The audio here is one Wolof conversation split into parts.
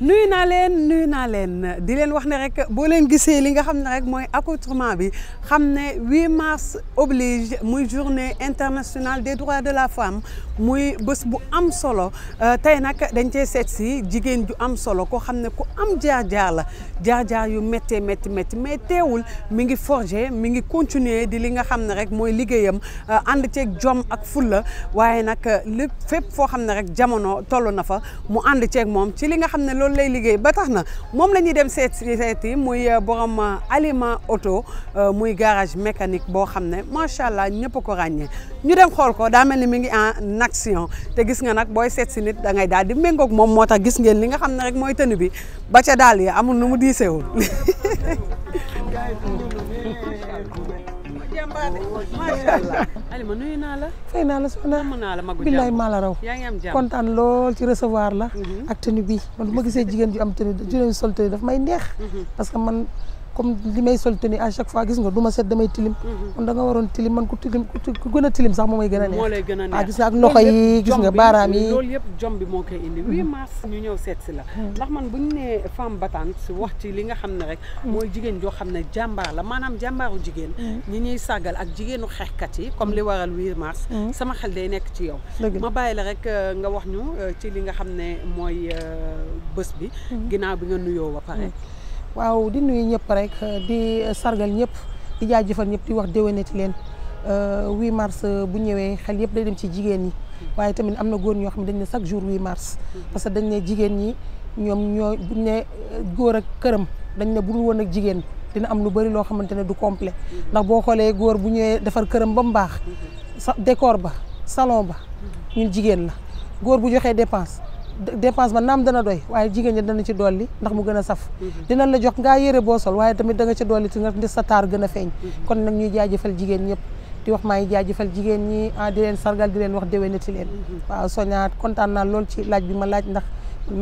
nuyu naa leen nuyu naa leen di leen wax ne rek boo leen gisee li nga xam ne mooy accoutrement bi xam ne 8 mars oblige muy journée internationale des droits de la femme muy bés bu am solo euh, tey nag dañ cee seet si jigéen ju am solo koo xam ne ku am jaar-jaar la jaar-jaar yu méttee métti métti mais teewul mi ngi forger mi ngi continuer di li nga xam ne rek mooy liggéeyam euh, ànd ceeg jom ak fulla waaye nag euh, lépp fépp foo xam ne rek jamono toll na fa mu ànd loolu lay liggéey ba tax na moom la ñuy dem seet seeti muy euh, borom euh, aliment auto euh, muy garage mécanique boo xam ne macha allah ñëpp a ko ràññee ñu dem xool ko daa mel ni mi ngi en action te gis nga nag booy seet si nit da ngay daal di méngoog moom moo tax gis ngeen li nga xam ne rek mooy tënu bi ba ca daal yi amul nu mu diiseewul Oh, Alima nuyu naa la. fay naa la soxna am naa la magu billaay maa la raw. yaa ngi am jàmm kontaan lool ci recevoir la. Mhm. ak tenue bi man bu ma gisee jigéen ju am tenue ju leen sol tenue daf may neex. Mhm. parce man comme li may sol tenue à chaque fois gis nga du ma set damay tilim. Mhm. kon da nga waroon man ku tilim ku gën mooy gën a neex. moo lay gën a neex ah gis nga ak loxo yi gis yëpp jom bi moo koy indi. 8 mhm. mars ñu ñëw seet si la. Mhm. ndax man bu ñu nee femme battante wax ci li nga xam ne rek. mooy jigéen joo xam ne jàmbaar la maanaam jàmbaaru jigéen. ñi ñuy sàggal ak jigéenu xeexkat yi comme li waral 8 mars. sama xal day nekk ci yow. ma bàyyi la rek euh, nga wax ñu euh, ci li nga xam ne mooy euh, bés bi. ginnaaw bi nga nuyoo ba pare. waaw di nuyu ñëpp rek di sargal ñëpp di jaajëfal ñëpp di wax déwénati leen 8 euh, mars bu ñëwee xel yëpp day dem ci jigéen ñi waaye tamit am na góor ñoo xam ne dañ ne chaque jour 8 mars parce que dañ ne jigéen ñi ñoom ñoo ne góor ak këram dañ ne bu woon ak jigéen dina am lu bari loo xamante ne du complet ndax boo xoolee góor bu ñëwee defar këram ba mu baax décor ba salon ba ñu jigéen la góor bu joxee dépense dépense ba naam dana doy waaye jigéen ñi dana ci dolli ndax mu gën a saf dinañ la jox nga yére boo sol waaye tamit da nga ci dolli ti nga ndi sa taar gën a feeñ kon nag ñuy jaajëfal jigéen ñëpp di wax maa ngi jaajëfal jigéen ñi ah di leen sargal di leen wax déwénati leen mm-hmm. waaw soñaat kontaan naa lool ci laaj bi ma laaj ndax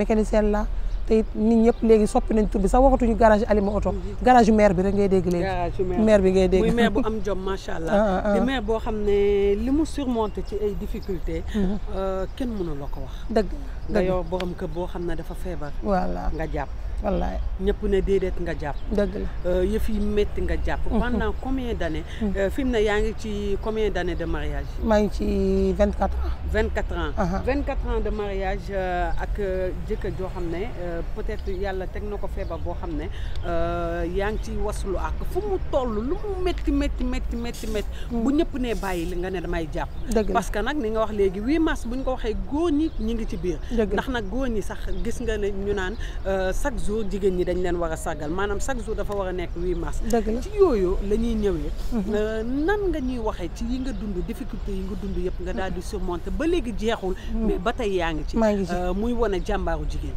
mécanicien la te it nit ñëpp léegi soppi nañ tur bi sax waxatuñu garage Alima Auto garage maire bi rek ngay dégg léegi bi ngay dégg muy bu am jom macha allah ah, ah, ah. di boo xam ne li mu surmonté ci ay difficulté mhm. euh, kenn mënu loo ko wax dëgg nga yow kër boo xam ne dafa feebar voilà nga jàpp wallaay ñëpp ne déedéet nga jàpp. dëgg la euh, yëf yi métti nga jàpp. Mhm. pendant combien d' années. Mhm. Euh, fi mu ne yaa ngi ci combien d' années de mariage. maa ngi ci vingt quatre vingt quatre ans. vingt quatre ans de mariage euh, ak jëkkër joo xam ne peut être yàlla teg na ko feebar boo xam ne yaa ngi ciy waslu ak fu mu toll lu mu metti métti métti métti métti. Mhm. bu ñëpp ne bàyyi li nga ne damay jàpp. dëgg la parce que nag ni nga wax léegi huit mars bu ñu ko waxee góor ñi ñu ngi ci biir. ndax nag góor ñi sax gis nga ne ñu naan chaque jour jigéen ñi dañ leen war a sargal maanaam chaque jour dafa war a nekk 8 mars. dëgg la ci yooyu la ñuy ñëwee. Mhm. Euh, nan nga ñuy waxee ci yi nga dund difficulté yi nga dund yëpp nga daal di surmonter ba léegi jeexul. Mhm. mais ba tey yaa ngi ci. maa ngi ci euh, muy wane jàmbaaru jigéen.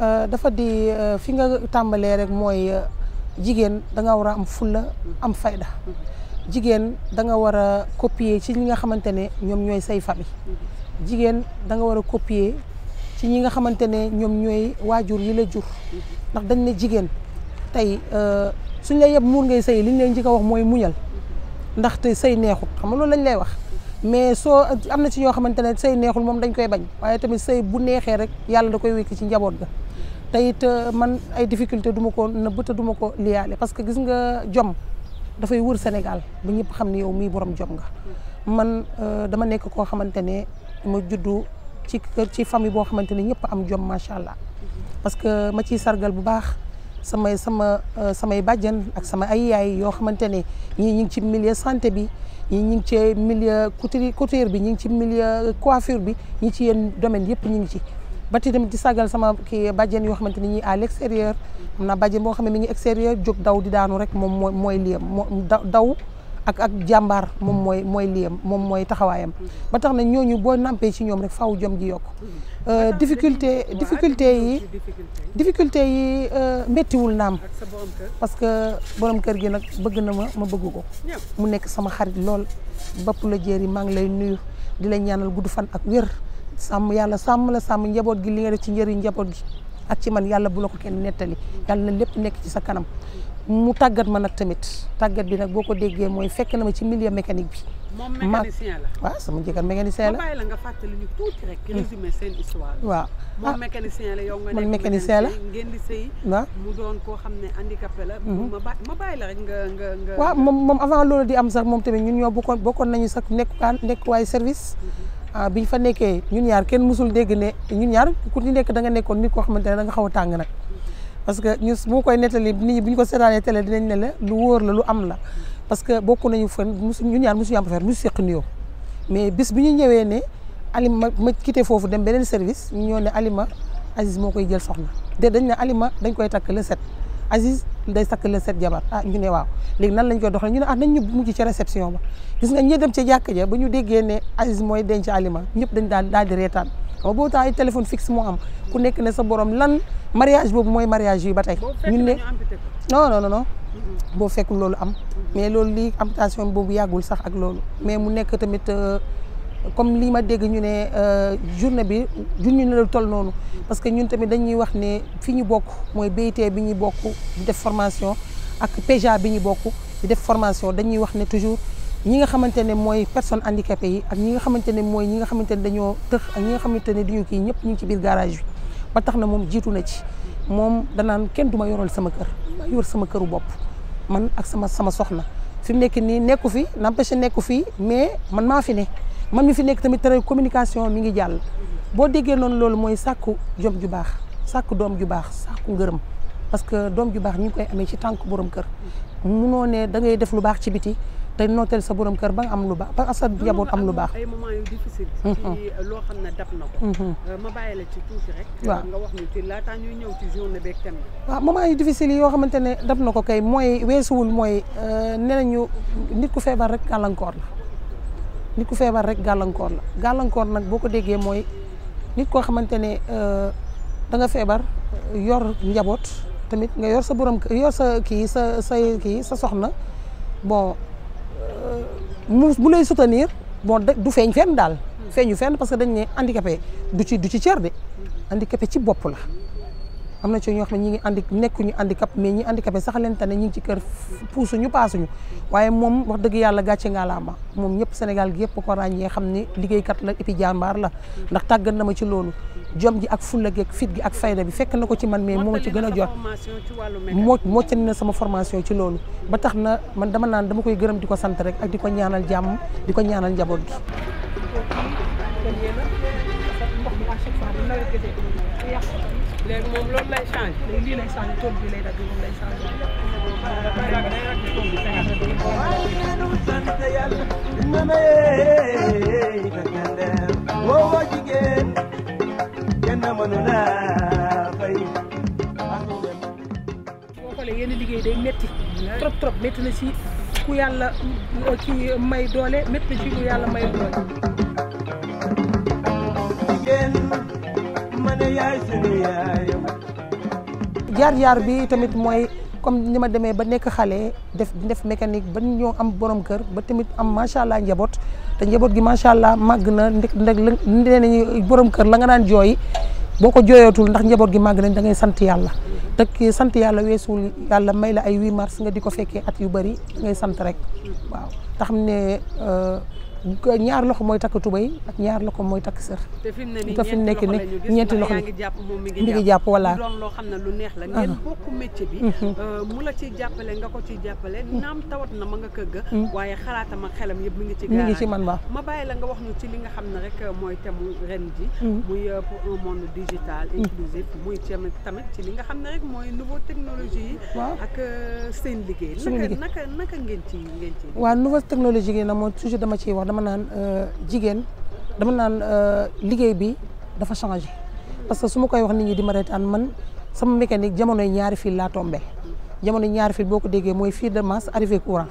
Euh, dafa di fi nga tàmbalee rek mooy jigéen da nga war a am fulla mhm. am fayda. jigéen da nga war a copier ci li nga xamante ne ñoom ñooy say famille. jigéen da nga war a copier ci ñi nga xamante ne ñoom ñooy waajur yi la jur ndax dañ ne jigéen tey euh, suñ la yeb muur ngay sëy liñ lay njëkk a wax mooy muñal ndaxte sëy neexul xam nga loolu lañ lay wax mais soo am na ci ñoo xamante ne sëy neexul moom dañ koy bañ waaye tamit sëy bu neexee rek yàlla da koy wékki ci njaboot ga te it euh, man ay difficulté du ma ko nëbb te duma ko liyaale parce que gis nga jom dafay wër Sénégal ba ñëpp xam ne yow mii borom jom nga man euh, dama nekk koo xamante ne ma juddu ci kër ci famille boo xamante ni ñëpp am jom macha allah. parce que ma ciy sargal bu baax samay sama euh, samay bàjjen ak sama ay yaay yoo xamante ne ñii ñu ngi ci milieu santé bi ñii ñu ngi ci milieu couture couture bi ñi ngi ci milieu coiffure bi ñi ci yenn domaine yëpp ñu ngi ci. ba ci tamit di sargal sama kii bàjjen yoo xamante ni ñii à l'extérieur xam naa bàjjen boo xam ne mi ngi extérieur jóg daw di daanu rek moom mooy mooy lii daw. ak ak jàmbaar moom mm. mooy mooy liyam moom mooy taxawaayam ba tax na ñooñu boo nampee ci ñoom rek faaw jom ji yokk mm. euh, difficulté difficulté yi difficulté yi euh, méttiwul naam parce que borom kër gi nag bëgg na ma ma bëgg ko mu nekk sama xarit lool bapp la jéer yi maa ngi lay nuyu di la ñaanal gudd fan ak wér sàmm yàlla sàmm la sàmm njaboot gi li nga def ci njëriñ njaboot gi ak ci man yàlla bu la ko kenn nettali yàlla na lépp nekk ci sa kanam mu tàggat ma nag tamit tàggat bi nag boo ko déggee mooy fekk na ma ci milieu mécanique bi. moom mécanicien la waaw sama jëkkër mécanicien la. ma la nga fàttali ñu tuuti hmm. waaw moom ah. mécanicien la yow nga nekk mécanicien la ngeen di sëy. waaw mu doon koo xam ne handicapé la. Hmm. ma bàyyi la rek nga nga nga. waaw moom moom avant loolu di am sax moom tamit ñun ñoo bokkoon bokkoon nañu sax nekk nekk waay service. Hmm. Ah, bi ñu fa nekkee ñun ñaar kenn mësul dégg ne ñun ñaar ku ci nekk da nga nekkoon nit koo xamante ne da nga xaw a tàng nag. parce que ñu bu koy nettali nit ñi bu ñu ko seetaanee télé dinañ ne la lu wóor la lu am la parce que bokk nañu fan musu ñu ñaar musu yàmp affaire musu seq nuyoo mais bis bi ñu ñëwee ne Alima ma quitté foofu dem beneen service ñu ñëw ne Alima Aziz moo koy jël soxna de dañ ne Alima dañ koy takk le set Aziz day takk le set jabar ah ñu ne waaw léegi nan lañ koy doxalee ñu ne ah nañ ñu mujj ca réception ba gis nga ñi dem ca jàkk ja ba ñu déggee ne Aziz mooy denc Alima ñëpp dañ daal daal di reetaan xam boo temps yi téléphone fixe moo am ku nekk ne sa borom lan mariage boobu mooy mariage yi ba tey ñun ne non non non boo fekkul loolu am mais loolu lii amputation boobu yàggul sax ak loolu mais mu nekk tamit euh, comme lii ma dégg ñu ne euh, journée bi jun ñu ne la toll noonu parce que ñun tamit dañuy wax ne fi ñu bokk mooy BIT bi ñu bokk def formation ak PJA bi ñu bokk def formation dañuy wax ne toujours ñi nga xamante ne mooy personne handicapé yi ak ñi nga xamante ne mooy ñi nga xamante ne dañoo tëx ak ñi nga xamante ne dañoo kii ñëpp ñu ngi ci biir garage bi ba tax na moom jiitu na ci moom danaan kenn du ma yoral sama kër yor sama këru bopp man ak sama sama soxna fi mu nekk nii nekku fi n'empêche nekku fi mais man maa fi ne man mi fi nekk tamit tere communication mi ngi jàll boo déggee noonu loolu mooy sàkku jom ju baax sàkku doom ju baax sàkku ngërëm parce que doom ju baax ñu ngi koy amee ci tànk borom kër munoo ne da ngay def lu baax ci biti te nooteel sa borom kër ba nga am lu baax parce que njaboot am lu baax. ay moments yu difficile. Mm-hmm. loo xam ne dab na ko. Mm-hmm. Euh, ma la ci tuuti rek. waaw euh, nga ñëw ci journée beeg thème bi. waaw moments yu difficile yoo xamante ne dab na ko kay mooy weesuwul mooy euh, nee nañu nit ku feebar rek gàllankoor la nit ku feebar rek gàllankoor la gàllankoor nag boo ko déggee mooy nit koo xamante ne da nga feebar yor njaboot tamit nga yor sa borom kër yor sa kii sa say kii sa soxna bon. mu bu lay soutenir bon du feeñ fenn daal hmm. feeñu fenn parce que dañ ne handicapé du ci du ci cër de hmm. handicapé ci bopp la am na ci ñoo xam ne ñi ngi andi nekkuñu handicap mais ñi handicapé sax leen tane ñi ngi ci kër puusuñu paasuñu waaye moom wax dëgg yàlla gàcce nga laa ma moom ñëpp Sénégal gi yëpp ko ràññee xam ni liggéeykat la et puis jàmbaar la ndax tàggat na ma ci loolu jom ji ak fulla gi ak fit gi ak fayda bi fekk na ko ci man mais moo ci gën a jot moo moccani na sama formation ci loolu ba tax na man dama naan dama koy gërëm di ko sant rek ak di ko ñaanal jàmm di ko ñaanal njaboot gi léegi moom loolu lay changé. léegi lii lay changé tool bi lay dagg moom lay changé. boo xoolee yenn liggéey day métti trop trop métti na ci ku yàlla ci may doole métti na ci ku yàlla may doole. jaar-jaar bi tamit mooy comme ni ma demee ba nekk xale def def mécanique ba ñoo am borom kër ba tamit am macha allah njaboot te njaboot gi macha allah màgg na ndek ndek nee nañu borom kër la nga daan jooy boo ko jooyootul ndax njaboot gi màgg nañ da ngay sant yàlla. te sant yàlla weesuwul yàlla may la ay 8 mars nga di ko fekkee at yu bëri da ngay sant rek waaw te xam ne. Euh, ñaar loxo mooy takk tubay ak ñaar loxo mooy takk sër. te fi mu ne nii nekk ne ñeenti loxo la ñu gis mi ngi jàpp ne lu neex la. Ah. ngeen bokk métier mm-hmm. euh, la ciy jàppale nga ko ciy jàppale. Mm-hmm. naam tawat na ma nga kër ga. Mm-hmm. waaye xalaatam ak xelam yëpp mi ngi ci. mi ngi ci man waaw ma bàyyi la nga wax ñu ci li nga xam ne rek mooy thème ren ji. muy euh, pour un monde digital inclusif muy tamit ci li nga xam ne rek mooy nouveau technologie yi. waaw ak euh, seen liggéey. suñu liggéey naka naka ngeen ci ngeen ci. waaw nouveau technologie yi na moom toujours dama ciy wax dama naan euh, jigéen dama naan euh, liggéey bi dafa changé parce que su ma koy wax nit ñi di ma reetaan man sama mécanique jamonoy ñaari fil laa tombé jamono ñaari fil boo ko déggee mooy fil de masse arrivé courant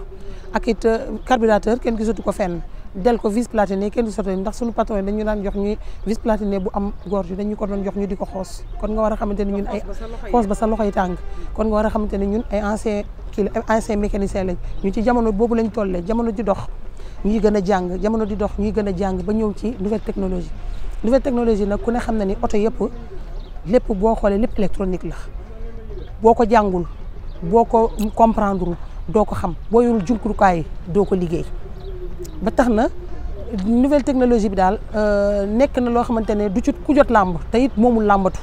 ak it euh, carburateur kenn ko fenn del ko vis platiné kenn gisatu ndax suñu patron yi dañu daan jox ñuy vis platiné bu am gorge ko doon jox ñu di ko xoos kon nga war xamante ne ñun ay ba sa loxoy tàng kon war a xamante ne ñun ay ancien kii ancien mécanicien lañ ci jamono boobu lañ tollee jamono ji dox ñuy gën a jàng jamono di dox ñuy gën a jàng ba ñëw ci nouvelle technologie nouvelle technologie nag ku ne xam na ni oto yëpp lépp boo xoolee lépp électronique la boo ko jàngul boo ko comprendre doo ko xam boo yorul jumtukaay doo ko liggéey ba tax na nouvelle technologie bi daal euh, nekk na loo xamante ne du ci ku jot làmb te it moomul làmbatu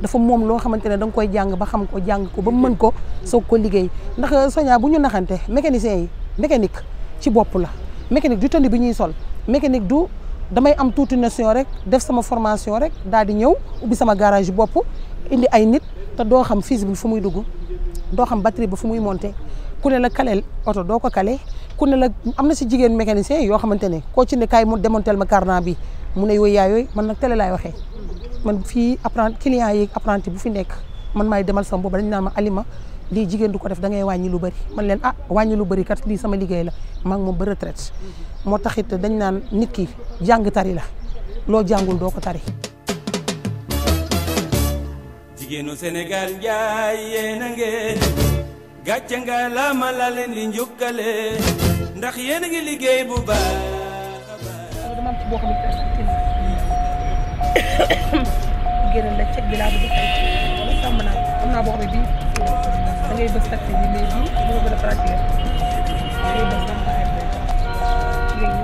dafa moom loo xamante ne da nga koy jàng ba xam ko jàng ko ba mën ko soog ko liggéey ndax soña bu ñu naxante mécanicien yi mécanique ci bopp la mécanique du tenue bi ñuy sol mécanique du damay am tuuti notion rek def sama formation rek daal di ñëw ubbi sama garage bopp indi ay nit te doo xam fusible bi fu muy dugg doo xam batterie bi fu muy monter ku ne la kaleel oto doo ko kale ku ne la am na si jigéen mécanicien yoo xamante ne koo ci ne kaay mu démontel ma cardan bi mu ne yooyu yaa yooyu man nag télé laay waxee man fii apprenti client yi apprenti bu fi nekk man maay demal sama boobu dañ naan ma alima lii jigéen du ko def da ngay wàññi lu bari man leen ah wàññi lu bari kat lii sama liggéey la maa ngi moom ba retraite moo taxit dañ naan nit ki jàng tari la loo jàngul doo ko tari jigéenu Sénégal njaay yéen a ngeen gàcce nga laama la leen di njukkale ndax yéen ngi liggéey bu baax am naa boo xam ne bii da ngay bës taxi bi mais bii bu nga gën a pratique da ngay bës da nga léegi lan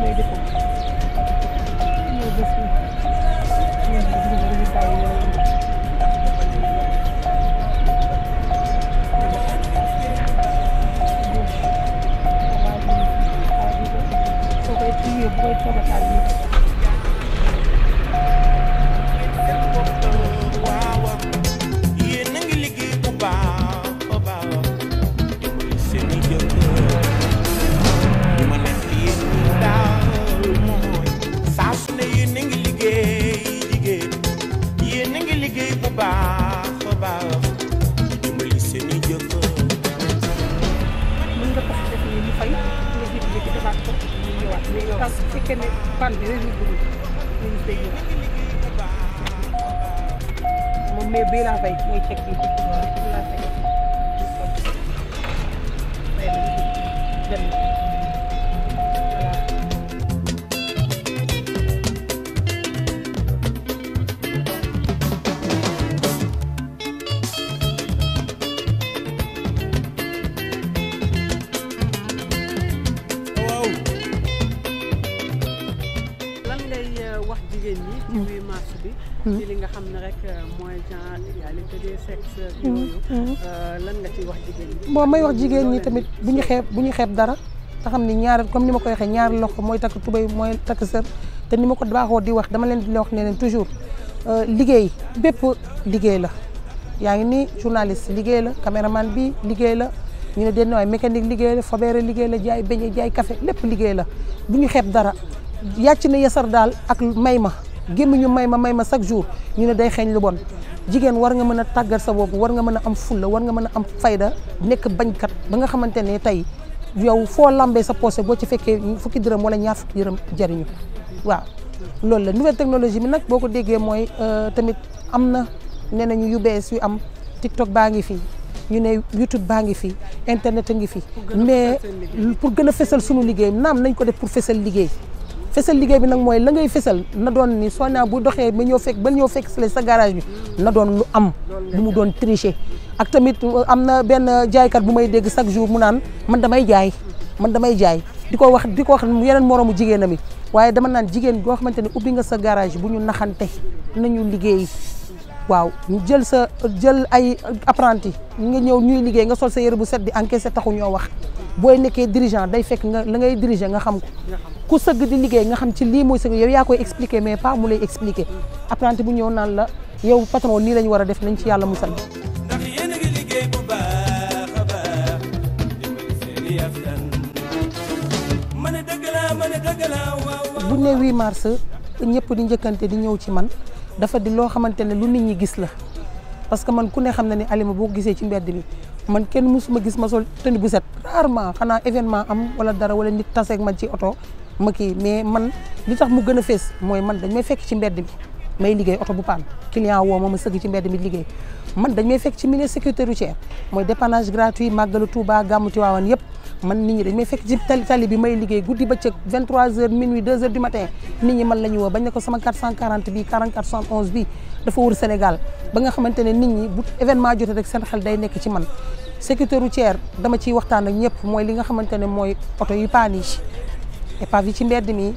mooy defoo ñoo bës ñoo bës ñu ngi leen bàyyi soo koy tuyee bu koy toog a taal fan bi rek ñu dugg ñu ngi moom mais bii laa fay mooy cek bi wax jigéen ñi. ci mm. bi. Mm. li nga xam ne rek euh, mooy genre mm. Euh, nga ciy wax jigéen ñi. may wax jigéen ñi tamit bu ñu xeeb bu ñu xeeb dara. te xam ni ñaar comme ni ma ko waxee ñaar loxo mooy takk tubéy mooy takk sër te ni ma ko baaxoo di wax dama leen di wax ne leen toujours euh, liggéey bépp liggéey la. yaa ngi nii journaliste liggéey la caméraman bi liggéey la ñu ne den waay mécanique liggéey la fobeere liggéey la jaay beñe jaay café lépp liggéey la bu ñu xeeb dara. yàcc na yasar daal ak may ma gémmiñu may ma may ma chaque jour ñu ne day xeeñ lu bon jigéen war nga mën a tàggat sa bopp war nga mën a am fulla war nga mën a am fayda nekk bañkat ba nga xamante ne tey yow foo lambee sa poche boo ci fekkee fukki dërëm wala ñaar fukki dërëm jariñu waaw loolu la nouvelle technologie bi nag boo ko déggee mooy euh, tamit am na nee nañu yu bees yu am TikTok baa ngi fii ñu ne YouTube baa ngi fii internet a ngi fi mais pour gën a fesal sunu liggéey naam nañ ko def pour fesal liggéey fësal liggéey bi nag mooy la ngay fësal na doon ni soo naa bu doxee ba ñëw fekk ba ñoo fekk si sa garage bi na doon lu am lu mu doon tricher ak tamit euh, am na benn jaay kat bu may dégg chaque jour mu naan man damay jaay man damay jaay di ko wax di ko yeneen moroomu jigéenam yi waaye dama naan jigéen goo xamante ne ubbi nga sa garage bu ñu naxante ñu liggéey waaw ñu jël sa jël ay apprenti nga ñëw ñuy liggéey nga sol sa yére bu set di encaissé taxu ñoo wax booy nekkee dirigent day fekk nga la ngay diriger nga xam ko ku sëgg di liggéey nga xam ci lii mooy sëgg yow yaa koy expliquer mais pas mu lay expliquer apprenti bu ñëw naan la yow patron nii lañ war a def nañ ci yàlla musal. ndax yéen a ngi liggéey bu baax a baax di mën a dëgg laa mën a dëgg laa waaw bu ñu nee 8 mars ñëpp di njëkkante di ñëw ci man dafa di loo xamante ne lu nit ñi gis la parce que man ku ne xam na ne Alima boo ko gisee ci mbedd mi man kenn mësuma gis ma sol tenue bu set rarement xanaa événement am wala dara wala nit taseeg ma ci oto ma kii mais man li tax mu gën a fees mooy man dañ may fekk ci mbedd mi may liggéey oto bu paan client woo ma ma sëgg ci mbedd mi liggéey man dañ may fekk ci milieu sécurité routière mooy dépannage gratuit màggalu Touba gàmmu Tiwaawan yëpp man nit ñi dañ may fekk ci tali tali bi may liggéey guddi bëccëg 23h minuit 2h du la ñu woo bañ ne ko sama 440 bii 4411 bii dafa wër Sénégal ba nga xamante ne nit ñi bu événement jotee rek seen xel day nekk ci man sécurité routière dama ciy waxtaan ak ñëpp mooy li nga xamante ne mooy oto yu paan yi épave yi ci mbedd mi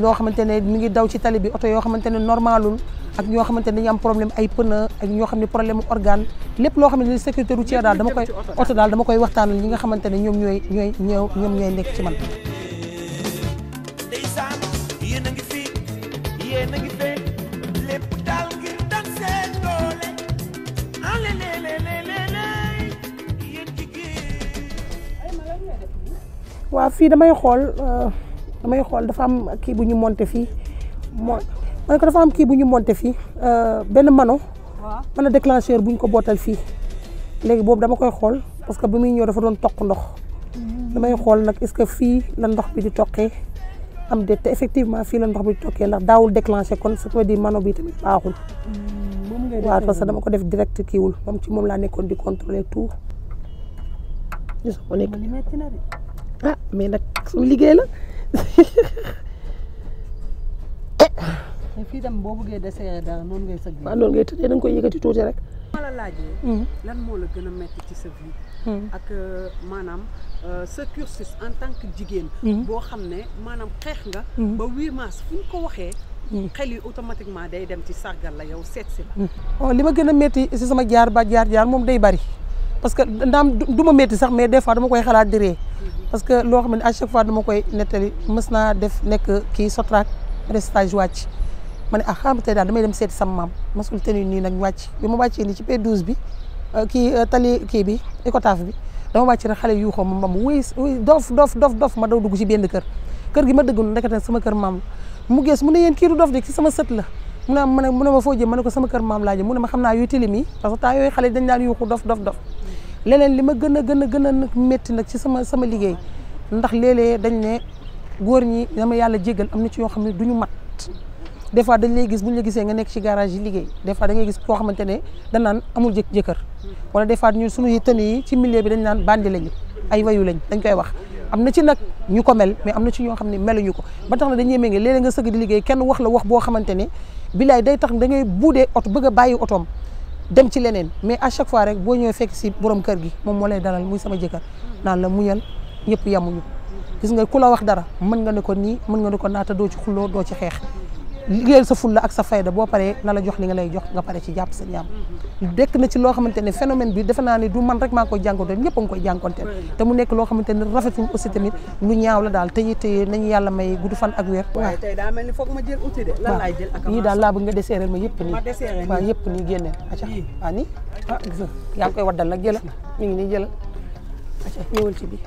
loo xamante ne mi ngi daw ci tali bi oto yoo xamante ne normalul ak ñoo xamante ne dañu am problème ay pneu ak ñoo xam ne problème organ lépp loo xamante ne sécurité routière daal dama koy oto daal dama koy waxtaanal ñi nga xamante ne ñoom ñooy ñooy ñoom ñooy nekk ci man waa fii damay xool euh, damay xool dafa am kii bu ñu monté fii mo kii bu ñu monté fii euh, benn mano mën a déclencheur bu ñu ko bootal fii léegi boobu dama koy xool parce que bu muy ñëw dafa doon toq ndox mm-hmm. damay xool nag est-ce que fii la ndox bi di toqee am déet te fii la ndox bi di ndax daawul déclenché kon ce qui veut dire mano bi tamit baaxul mm-hmm. waaw parce que dama ko def direct kiiwul moom ci moom laa nekkoon di contrôler tout gis nga ko nekk ah mais nag suñu liggéey la. Eh. mais fii dem boo bëggee desserrer dara noonu ngay sëg. waaw noonu ngay tëddee da koy koy yëkkati tuuti rek. ma la laajee. Hmm. lan moo la gën a métti ci sa vie. Hmm. ak euh, maanaam euh, sa cursus en tant jigéen. Hmm. boo xam ne maanaam xeex nga. ba 8 mars fu ko waxee. xel yi automatiquement day dem ci sargal la yow seet si la. oh li ma gën a métti si sama jaar ba jaar jaar moom day bari. parce que ndaam du ma métti sax mais des fois dama koy xalaat di parce que loo xam ne à chaque fois koy nettali mës naa def nekk kii Sotrac ma stage wàcc ma ne ah xam tey daal damay dem seeti sama nii nag wàcc bi wàccee nii ci P12 bi euh, kii euh, tali kii bi Icotaf bi dama wàcc rek xale yu xaw ma mam wuy dof dof ma daw dugg ci benn kër kër gi ma dëggoon ndekete sama kër maam mu gees mu ne yéen kii dof de ki sama sët la mu ma foo ma ne ko sama kër maam laa jëm mu ma xam naa yuy tilim parce que temps yooyu xale dañ daan yuuxu dof dof dof leneen li ma gën a gën a gën a métti nag ci sama sama liggéey ndax léeg-léeg dañ ne góor ñi dama yàlla jegal am na ci yoo xam ne du ñu des fois dañ lay gis bu la gisee nga nekk ci garage yi liggéey des fois da ngay gis koo xamante ne danaan amul jëkk jëkkër wala des fois ñun suñu tën yi ci milieu bi dañ naan bandi lañu ay wayu lañ dañ wax am na ci nag ñu ko mel mais am na ci ñoo xam ne mel meluñu ko ba tax na dañ yemee ngi léeg nga sëgg di liggéey kenn wax la wax boo xamante ne bilaay day tax da ngay buudee oto bëgg a bàyyi otoom dem ci leneen mais à chaque fois rek boo ñëwee fekk si borom kër gi moom moo lay dalal muy sama jëkkër naan la muñal ñëpp yemuñu gis nga ku la wax dara mën nga ne ko nii mën nga ne ko naata doo ci xulloo doo ci xeex liggéeyal sa fulla ak sa fayda boo paree na la jox li nga lay jox nga pare ci jàpp sa ñaam dekk na ci loo xamante ne phénomène bi defe naa ne du man rek maa koy jànkonteel ñëpp a ngi koy jànkonteel te mu nekk loo xamante ne rafetul aussi tamit lu ñaaw la daal tey tey nañu yàlla may gudd fan ak weer waaw tey daa mel ni foog ma jël outil de lan laay jël ak yii daal laa bëgg nga deseeral ma yëpp nii waaw yëpp nii génneel aca waaw nii ah gis nga yaa ngi koy waddal nag jëlal mi ngi nii jëlal aca ñëwal ci bii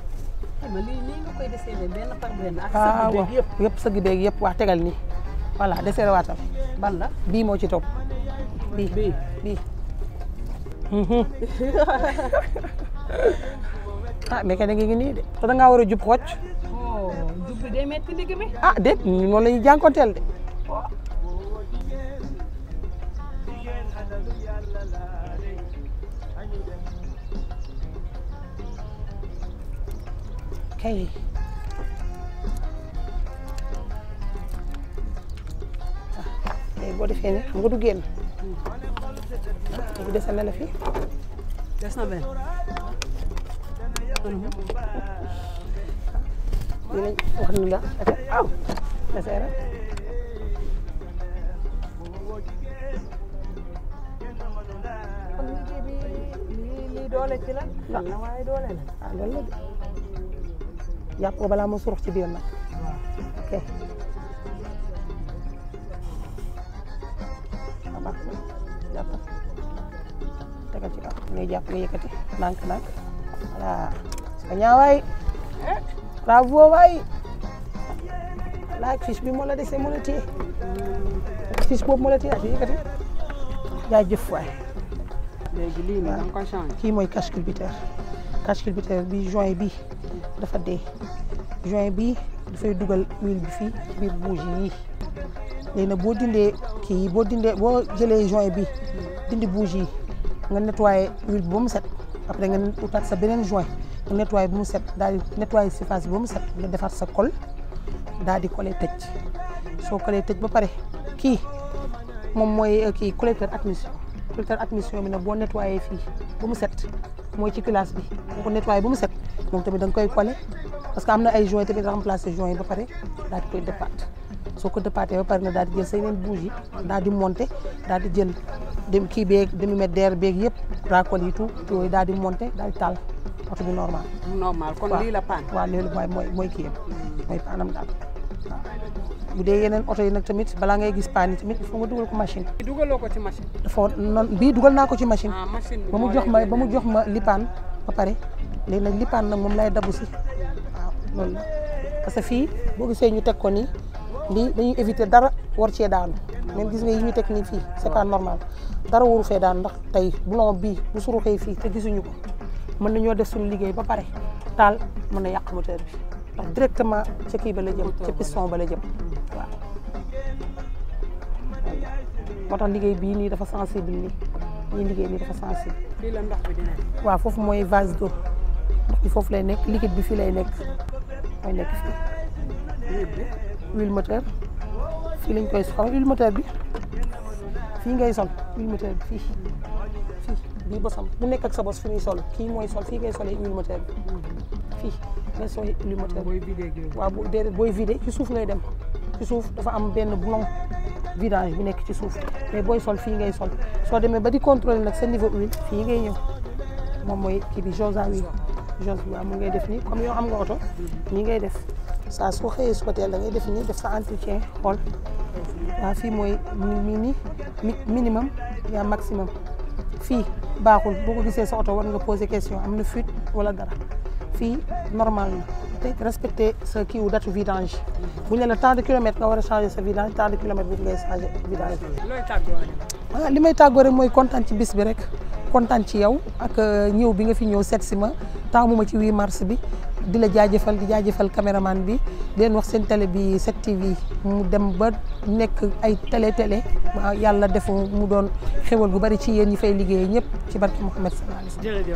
ah, waaw yëpp sëgg beeg yëpp waa tegal nii voilà dessert waatam la bii moo ci topp bii bii bii mhm. ah mais kenn ngi nii de te da ngaa war a jub xocc oh, jub bi day metti ndigg bi ah, de kay boo defee ne xam nga du génn léegi desal na la fi. des na benn. dinañ mhm. wax ni la ata aw doole ci la. doole la. ah loolu la de. ci biir nag. ok. ngay jàpp nga yëkkati ndànk ndànk voilà sa ñaawaay bravo waay laaj fiche bi moo la dese moo la téye fiche boobu moo la téye ak yëkkati jaajëf waay kii mooy cache culbuteur cache culbuteur bi joint bi dafa dee joint bi dafay dugal huile bi fii biir bougie yi léegi nag boo dindee kii boo dindee boo jëlee joint bi dindi bougie nga nettoyé huile ba mu set après nga utaat sa beneen joint nga nettoyé ba mu set daal di nettoyé surface bi ba mu set nga defar sa col daal di collé tëj soo collé tëj ba pare kii moom mooy euh, kii collecteur admission collecteur admission bi nag boo nettoyé fii ba mu set mooy ci classe bi boo ko nettoyé mu set moom tamit da nga koy collé parce que am na ay joint tamit remplacé joint yi ba pare daal di koy soo ko dëppaatee ba pare nga daal di jël sa yeneen bougie daal di monté daal di jël. dem kii beeg demi mètre der beeg yëpp racole yi tout yooyu daal di monté daal di taal oto bi normal. normal kon lii la paan. waaw loolu mooy kii mooy paanam daal waaw. bu dee yeneen oto yi nag tamit balaa ngay gis paan tamit il faut nga dugal ko machine. dugaloo bii dugal naa ko ci machine. Ah, ba mu jox ma ba mu jox ma lipaan ba pare léegi nag lipaan nag moom lay dabu si waaw loolu parce que fii boo gisee ñu teg ko nii lii dañuy éviter dara wor cee daanu. même gis nga yi ñu teg nii fii c'est pas normal. dara waru fee daan ndax tey boulon bii bu suruxee fii te gisuñu ko mën nañoo def suñu liggéey ba pare taal mën na yàq moteur bi ndax directement ca kii ba la jëm ca piston ba la jëm liggéey bii nii dafa sensible nii ñii liggéey bi di nekk. waaw foofu mooy vase d'eau bi foofu lay nekk liquide bi fii lay nekk mooy nekk fii. huile moteur fii lañ koy soxla huile moteur bi fii ngay sol. huile moteur bi fii fii bii bosam bu nekk ak sa bos fi muy sol kii mooy sol fii ngay solee huile moteur bi fii ngay solee huile moteur bi waaw boo déedéet booy vidé ci suuf ngay dem ci suuf dafa am benn boulon vidange bu nekk ci suuf mais booy sol fii ngay sol soo demee ba di contrôler nag seen niveau huile fii ngay ñëw moom mooy kii bi josa huile jos bi mu ngay def nii comme yow am nga oto nii ngay def saa soo xëyee su ko teel da ngay def nii def sa entretien xool waaw fii mooy mini minimum yaa maximum fii baaxul boo ko gisee sa oto war nga poser question am na fuite wala dara fii normal na te respecter sa kiiwu datu vidange bu ñu la tant de kilomètres nga war a changer sa vidange tant de kilomètres bi ngay changer vidange li may tàggoo mooy kontaan ci bis bi rek kontaan ci yow ak euh, ñëw bi nga ma taamu ci 8 mars bi di la jaajëfal di jaajëfal caméraman bi leen wax seen télé bi 7TV mu dem ba nekk ay tele télé yàlla defu mu doon xéwal bu bari ci yéen ñi fay liggéeyee ñëpp ci barke Mouhamed sallallahu alayhi